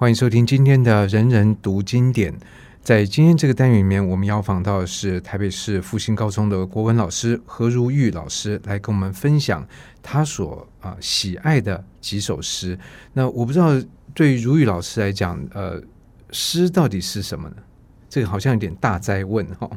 歡迎收聽今天的《人人讀經典》。在今天這個單元裡面，我們要訪到的是台北市復興高中的國文老師何儒育老師，來跟我們分享他所啊喜愛的幾首詩。那我不知道對於儒育老師來講，呃，詩到底是什麼呢？這個好像有點大哉問哈、哦。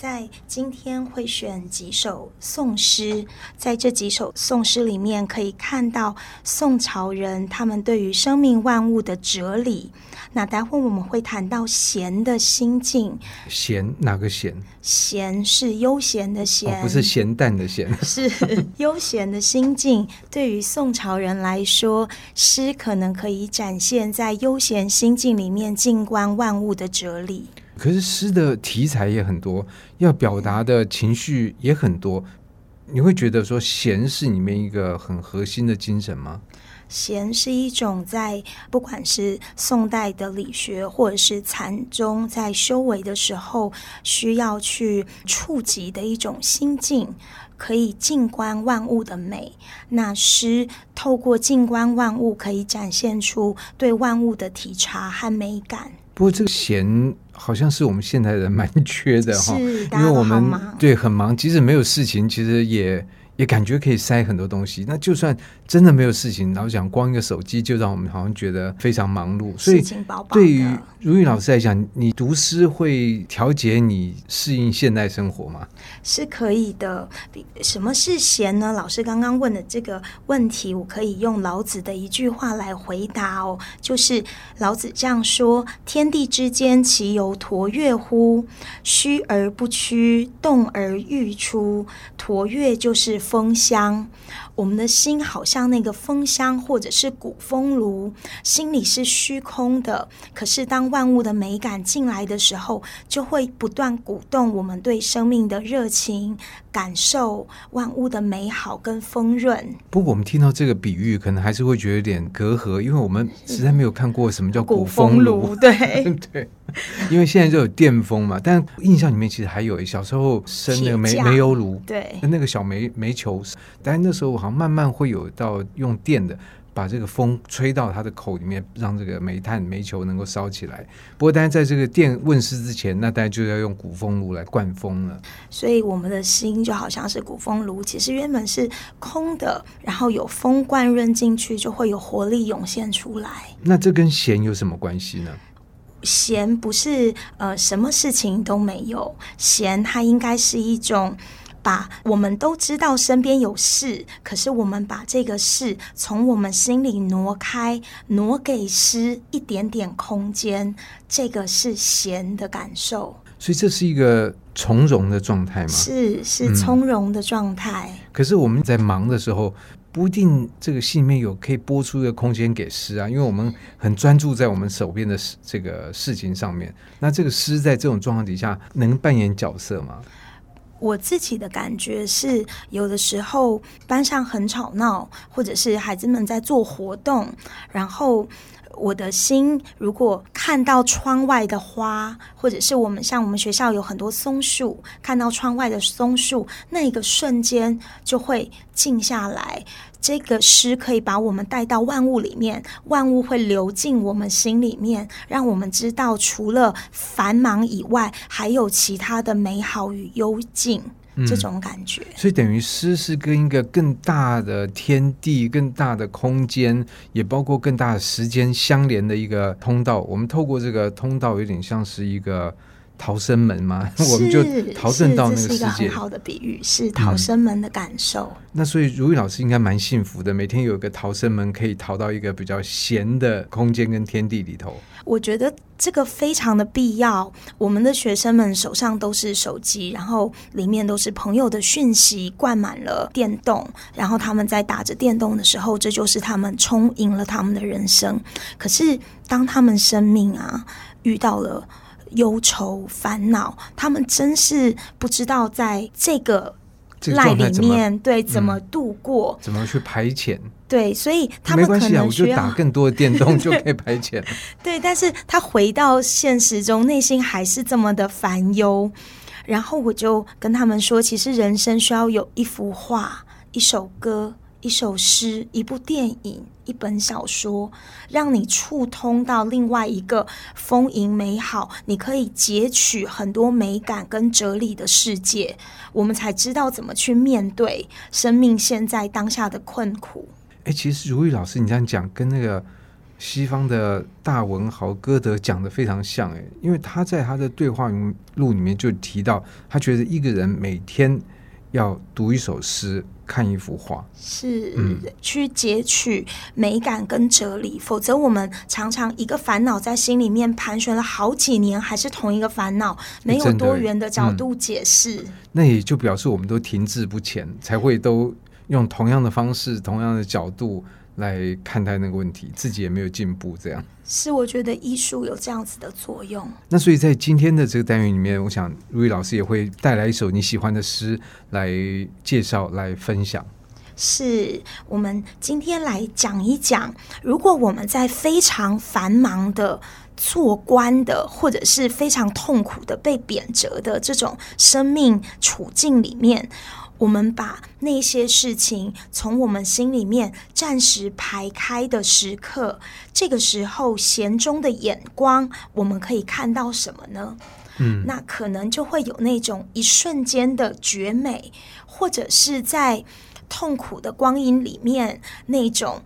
在今天會選幾首宋詩，在這幾首宋詩裡面可以看到宋朝人他們對於生命萬物的哲理。那待會我們會談到閒的心境，閒哪個閒？閒是悠閒的閒，哦，不是鹹淡的鹹，是悠閒的心境。對於宋朝人來說，詩可能可以展現在悠閒心境裡面靜觀萬物的哲理。可是詩的題材也很多，要表達的情緒也很多。你會覺得說，閒是裡面一個很核心的精神嗎？閒是一種在不管是宋代的理學或者是禪宗，在修為的時候需要去觸及的一種心境，可以靜觀萬物的美。那詩透過靜觀萬物，可以展現出對萬物的體察和美感。不過這個閒。好像是我們現代人蠻缺的哈，是因為我們很對很忙，即使沒有事情，其實也。也感覺可以塞很多東西，那就算真的沒有事情，老想光一個手機就讓我們好像覺得非常忙碌。所以，對於儒育老師來講，你讀詩會調節你適應現代生活嗎？是可以的。什麼是閒呢？老師剛剛問的這個問題，我可以用老子的一句話來回答哦，就是老子這樣說：“天地之間，其猶橐龠乎？虛而不屈，動而愈出。橐龠就是。”風箱。我們的心好像那個風箱或者是鼓風爐，心裡是虛空的。可是當萬物的美感進來的時候，就會不斷鼓動我們對生命的熱情，感受萬物的美好跟豐潤。不過我們聽到這個比喻，可能還是會覺得有點隔閡，因為我們實在沒有看過什麼叫鼓風爐，風爐對 對。因為現在就有電風嘛，但印象裡面其實還有一小時候生那個煤煤油爐，對，那個小煤煤球，但那時候好像。慢慢會有到用電的，把這個風吹到它的口裡面，讓這個煤炭、煤球能夠燒起來。不過，大家在這個電問世之前，那大家就要用鼓風爐來灌風了。所以，我們的心就好像是鼓風爐，其實原本是空的，然後有風灌潤進去，就會有活力湧現出來。那這跟閒有什麼關係呢？閒不是呃，什麼事情都沒有，閒它應該是一種。把我們都知道身邊有事，可是我們把這個事從我們心裡挪開，挪給詩一點點空間，這個是閒的感受。所以這是一個從容的狀態嗎？是，是從容的狀態。嗯。可是我們在忙的時候，不一定這個心裡面有可以撥出一個空間給詩啊，因為我們很專注在我們手邊的這個事情上面。那這個詩在這種狀況底下能扮演角色嗎？我自己的感覺是，有的時候班上很吵鬧，或者是孩子們在做活動，然後。我的心，如果看到窗外的花，或者是我們像我們學校有很多松樹，看到窗外的松樹，那個瞬間就會靜下來。這個詩可以把我們帶到萬物裡面，萬物會流進我們心裡面，讓我們知道除了繁忙以外，還有其他的美好與幽靜。這種感覺，所以等於詩是跟一個更大的天地、更大的空間，也包括更大的時間相連的一個通道。我們透過這個通道，有點像是一個逃生門嘛，是 我們就逃生到那個世界。是，這是一個很好的比喻，是逃生門的感受。嗯。那所以儒育老師應該蠻幸福的，每天有一個逃生門可以逃到一個比較閒的空間跟天地裡頭。我覺得這個非常的必要。我們的學生們手上都是手機，然後裡面都是朋友的訊息，灌滿了電動。然後他們在打着電動的時候，這就是他們充盈，了他們的人生。可是當他們生命啊遇到了憂愁煩惱，他們真是不知道在這個賴裡面怎對怎麼度過，嗯，怎麼去排遣。對，所以他們可能需要、啊、打更多的電動就可以排遣 。對，但是他回到現實中，內心還是這麼的煩憂。然後我就跟他們說，其實人生需要有一幅畫、一首歌、一首詩、一部電影、一本小說，讓你觸通到另外一個豐盈美好，你可以截取很多美感跟哲理的世界，我們才知道怎麼去面對生命現在當下的困苦。其實，儒育老師，你這樣講跟那個西方的大文豪歌德講的非常像、欸。哎，因為他在他的對話錄裡面就提到，他覺得一個人每天要讀一首詩、看一幅畫，是、嗯、去截取美感跟哲理。否則，我們常常一個煩惱在心裡面盤旋了好幾年，還是同一個煩惱，沒有多元的角度解釋、欸嗯。那也就表示我們都停滯不前，才會都。用同樣的方式、同樣的角度來看待那個問題，自己也沒有進步，這樣是我覺得藝術有這樣子的作用。那所以在今天的這個單元裡面，我想儒育老師也會帶來一首你喜歡的詩來介紹、來分享。是我們今天來講一講，如果我們在非常繁忙的做官的，或者是非常痛苦的被貶謫的這種生命處境裡面我們把那些事情從我們心裡面暫時排開的時刻，這個時候閒中的眼光，我們可以看到什麼呢？嗯，那可能就會有那種一瞬間的絕美，或者是在痛苦的光陰裡面那種。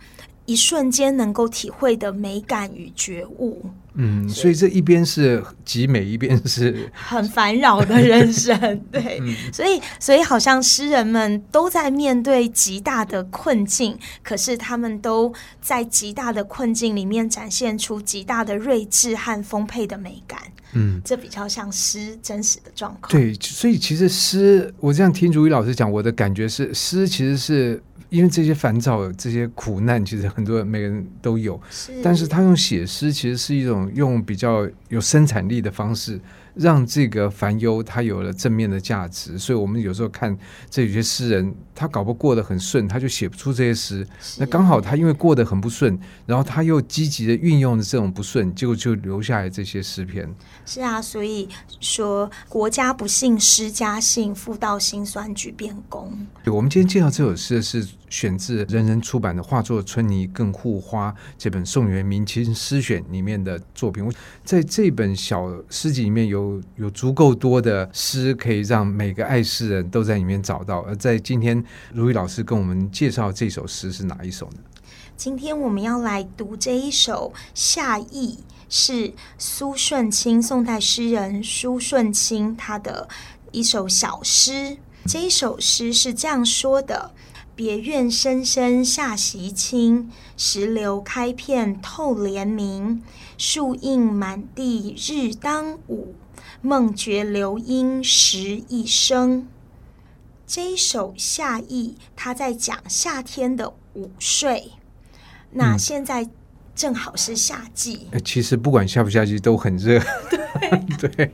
一瞬間能夠體會的美感與覺悟，嗯，所以，所以這一邊是極美，一邊是很煩擾的人生， 對，對嗯、所以所以好像詩人們都在面對極大的困境，可是他們都在極大的困境裡面展現出極大的睿智和豐沛的美感，嗯，這比較像詩真實的狀況。對，所以其實詩，我這樣聽儒育老師講，我的感覺是詩其實是。因為這些煩躁、這些苦難，其實很多每個人都有。是，但是他用寫詩，其實是一種用比較有生產力的方式，讓這個煩憂他有了正面的價值。所以，我們有時候看這有些詩人，他搞不過得很順，他就寫不出這些詩。是那剛好他因為過得很不順，然後他又積極的運用了這種不順，結果就留下來這些詩篇。是啊，所以說國家不幸詩性，詩家幸；賦到辛酸，句便工。對，我們今天介紹這首詩的是。選自人人出版的化作《春泥更護花》這本宋元明清詩選裡面的作品。在這本小詩集裡面有有足夠多的詩，可以讓每個愛詩人都在裡面找到。而在今天，儒育老師跟我們介紹這首詩是哪一首呢？今天我們要來讀這一首《夏意》，是蘇舜欽，宋代詩人蘇舜欽他的一首小詩。這一首詩是這樣說的。別院深深夏席清，石榴開遍透簾明。樹陰滿地日當午，夢覺流鶯時一聲。這一首夏意，他在講夏天的午睡。那現在正好是夏季，嗯呃、其實不管夏不夏季都很熱。對， 對，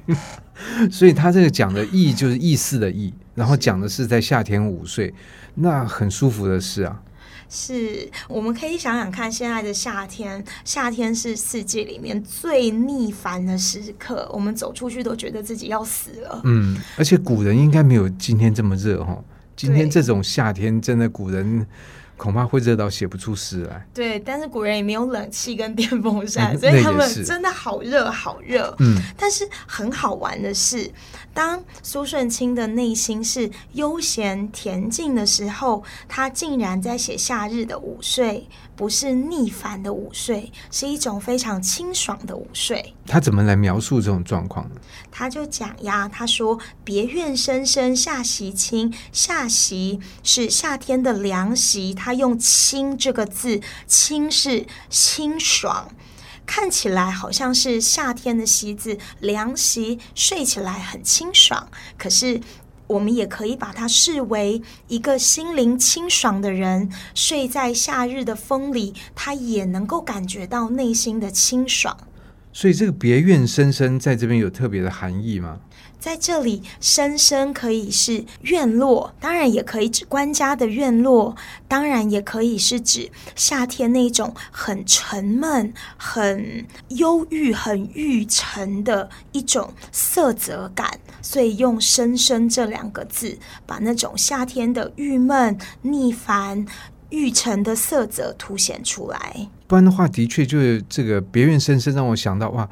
所以他這個講的意就是意思的意。 然後講的是在夏天午睡，那很舒服的事啊。是，我們可以想想看，現在的夏天，夏天是四季裡面最逆反的時刻，我們走出去都覺得自己要死了。嗯，而且古人應該沒有今天這麼熱哦。今天這種夏天真的古人。恐怕會熱到寫不出詩來。對，但是古人也沒有冷氣跟電風扇，嗯、所以他們真的好熱好熱。嗯，但是很好玩的是，當蘇舜欽的內心是悠閒恬靜的時候，他竟然在寫夏日的午睡。不是逆反的午睡，是一種非常清爽的午睡。他怎麼來描述這種狀況呢？他就講呀，他說：“別院深深夏席清，夏席是夏天的涼席。他用‘清’這個字，‘清’是清爽，看起來好像是夏天的席子，涼席睡起來很清爽。可是。”我們也可以把它視為一個心靈清爽的人，睡在夏日的風裡，他也能夠感覺到內心的清爽。所以，這個別院深深在這邊有特別的含義嗎？在這裡，深深可以是院落，當然也可以指官家的院落，當然也可以是指夏天那種很沉悶、很憂鬱、很鬱沉的一種色澤感。所以用“深深”這兩個字，把那種夏天的鬱悶、膩煩。玉塵的色澤凸顯出來，不然的話，的確就是這個別院深深，讓我想到哇，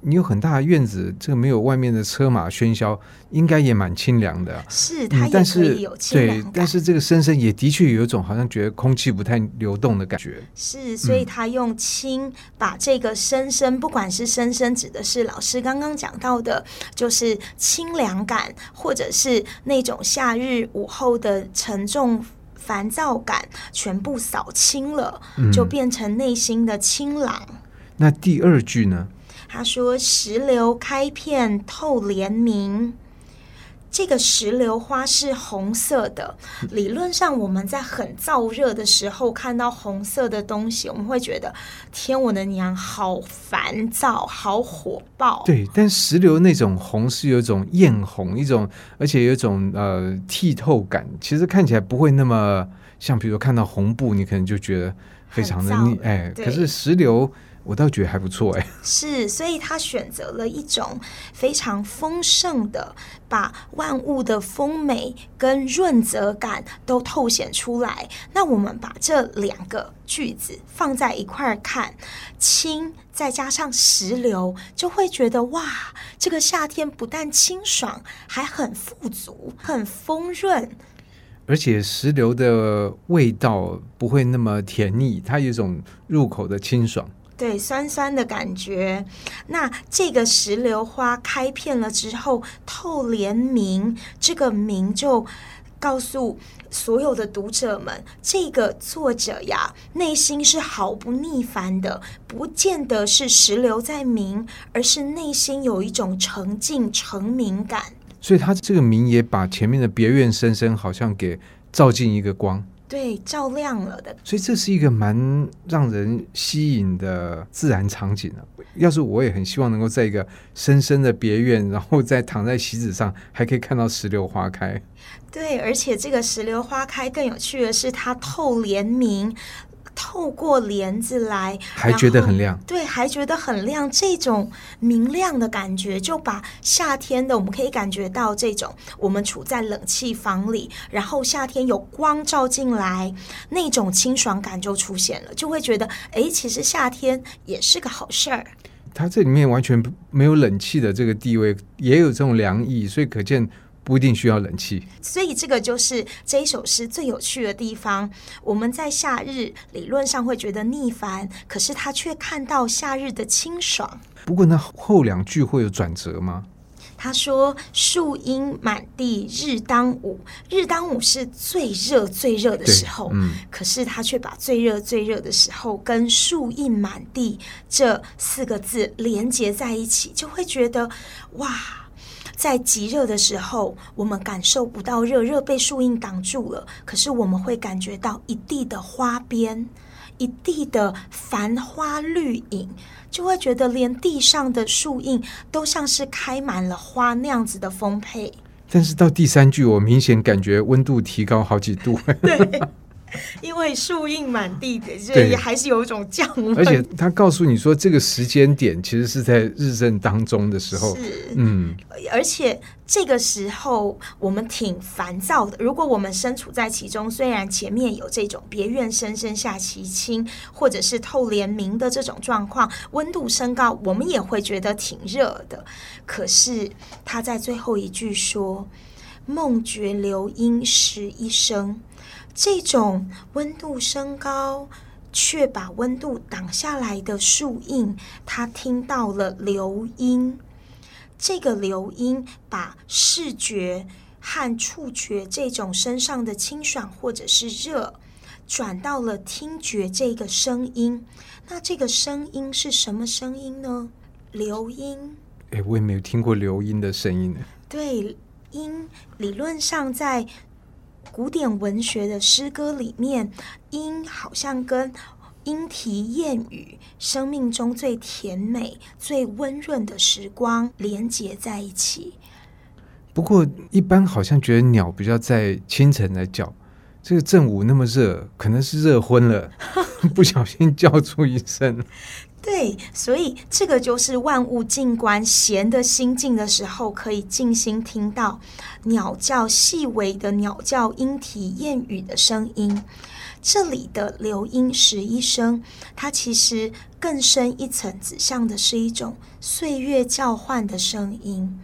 你有很大的院子，這個沒有外面的車馬喧囂，應該也蠻清涼的。是，它也是有清涼感、嗯、對，但是這個深深也的確有一種好像覺得空氣不太流動的感覺。是，所以他用清把這個深深，嗯、不管是深深指的是老師剛剛講到的，就是清涼感，或者是那種夏日午後的沉重，煩躁感全部掃清了，嗯、就變成內心的清朗。那第二句呢？他說：“石榴開遍透簾明。”這個石榴花是紅色的，理論上我們在很燥熱的時候看到紅色的東西，我們會覺得天我的娘，好煩躁，好火爆。對，但石榴那種紅是有一種艷紅，一種而且有一種呃剔透感，其實看起來不會那麼像，比如看到紅布，你可能就覺得非常的膩。燥哎，對可是石榴。我倒覺得還不錯，哎，是，所以他選擇了一種非常豐盛的，把萬物的豐美跟潤澤感都透顯出來。那我們把這兩個句子放在一塊兒看，清再加上石榴，就會覺得哇，這個夏天不但清爽，還很富足，很豐潤，而且石榴的味道不會那麼甜膩，它有一種入口的清爽。對，酸酸的感覺。那這個石榴花開遍了之後，透簾明，這個明就告訴所有的讀者們，這個作者呀，內心是毫不膩煩的，不見得是石榴在明，而是內心有一種澄淨澄明感。所以，他這個明也把前面的別院深深好像給照進一個光。對，照亮了的。所以這是一個蠻讓人吸引的自然場景啊！要是我也很希望能夠在一個深深的別院，然後再躺在蓆子上，還可以看到石榴花開。對，而且這個石榴花開更有趣的是，它透簾明。透過簾子來，還覺得很亮。對，還覺得很亮，這種明亮的感覺就把夏天的我們可以感覺到這種，我們處在冷氣房裡，然後夏天有光照進來，那種清爽感就出現了，就會覺得，誒，其實夏天也是個好事兒。它這裡面完全沒有冷氣的這個地位，也有這種涼意，所以可見。不一定需要冷氣，所以這個就是這一首詩最有趣的地方。我們在夏日理論上會覺得膩煩，可是他卻看到夏日的清爽。不過，那後兩句會有轉折嗎？他說：“樹陰滿地日當午，日當午是最熱最熱的時候，嗯。可是他卻把最熱最熱的時候跟樹蔭滿地這四個字連接在一起，就會覺得哇。”在極熱的時候，我們感受不到熱，熱被樹蔭擋住了。可是我們會感覺到一地的花邊，一地的繁花綠影，就會覺得連地上的樹蔭都像是開滿了花那樣子的豐沛。但是到第三句，我明顯感覺溫度提高好幾度。 對。因為樹陰滿地，的，所以還是有一種降溫。而且他告訴你說，這個時間點其實是在日正當中的時候。是，嗯。而且這個時候我們挺煩躁的。如果我們身處在其中，雖然前面有這種“別院深深夏席清”或者是“透簾明”的這種狀況，溫度升高，我們也會覺得挺熱的。可是他在最後一句說：“夢覺流鶯時一聲。”這種溫度升高，卻把溫度擋下來的樹陰，他聽到了流鶯。這個流鶯把視覺和觸覺這種身上的清爽或者是熱，轉到了聽覺這個聲音。那這個聲音是什麼聲音呢？流鶯。誒，我也沒有聽過流鶯的聲音。對，鶯理論上在。古典文學的詩歌裡面，鶯好像跟鶯啼燕語、生命中最甜美、最溫潤的時光連結在一起。不過，一般好像覺得鳥比較在清晨來叫，這個正午那麼熱，可能是熱昏了， 不小心叫出一聲。對，所以這個就是萬物靜觀，閒的心境的時候，可以靜心聽到鳥叫，細微的鳥叫，鶯啼，燕語的聲音。這裡的流鶯時一聲，它其實更深一層指向的是一種歲月交換的聲音。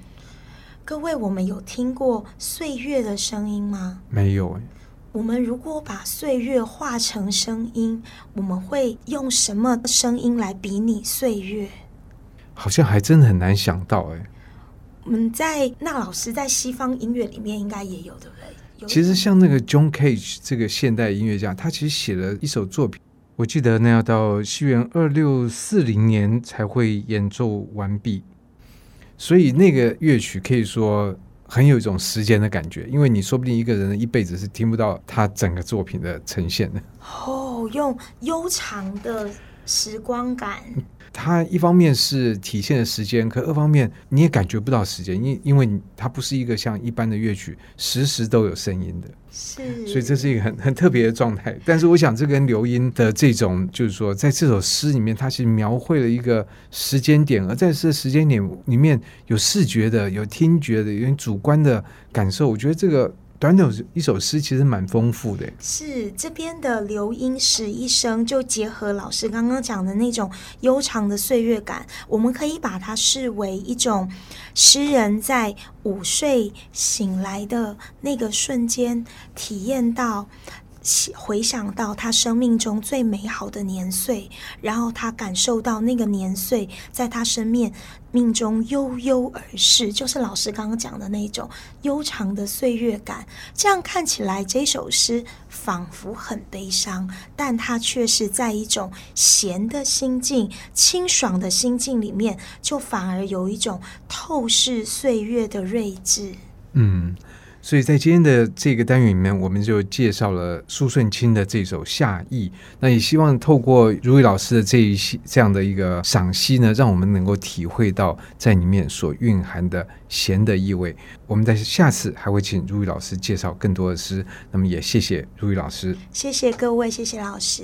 各位，我們有聽過歲月的聲音嗎？沒有我們如果把歲月化成聲音，我們會用什麼聲音來比擬歲月？好像還真的很難想到哎、欸。我們、嗯、在那老師在西方音樂裡面應該也有對不對？其實像那個 John Cage 這個現代音樂家，他其實寫了一首作品，我記得那要到西元二六四零年才會演奏完畢，所以那個樂曲可以說。很有一種時間的感覺，因為你說不定一個人一輩子是聽不到他整個作品的呈現的。哦，用悠長的。時光感，它一方面是體現了時間，可二方面你也感覺不到時間，因因為它不是一個像一般的樂曲，時時都有聲音的，是，所以這是一個很很特別的狀態。但是我想，這跟流鶯的這種，就是說，在這首詩裡面，它是描繪了一個時間點，而在這時間點裡面有視覺的、有聽覺的、有主觀的感受，我覺得這個。短短一首詩，其實蠻豐富的是。是這邊的流鶯時一聲，就結合老師剛剛講的那種悠長的歲月感，我們可以把它視為一種詩人在午睡醒來的那個瞬間體驗到。回想到他生命中最美好的年歲，然後他感受到那個年歲在他生命命中悠悠而逝，就是老師剛剛講的那種悠長的歲月感。這樣看起來，這首詩仿佛很悲傷，但他卻是在一種閒的心境、清爽的心境裡面，就反而有一種透視歲月的睿智。嗯。所以在今天的這個單元裡面，我們就介紹了蘇舜欽的這首《夏意》。那也希望透過儒育老師的這一些這樣的一個賞析呢，讓我們能夠體會到在裡面所蘊含的閒的意味。我們在下次還會請儒育老師介紹更多的詩。那麼也謝謝儒育老師，謝謝各位，謝謝老師。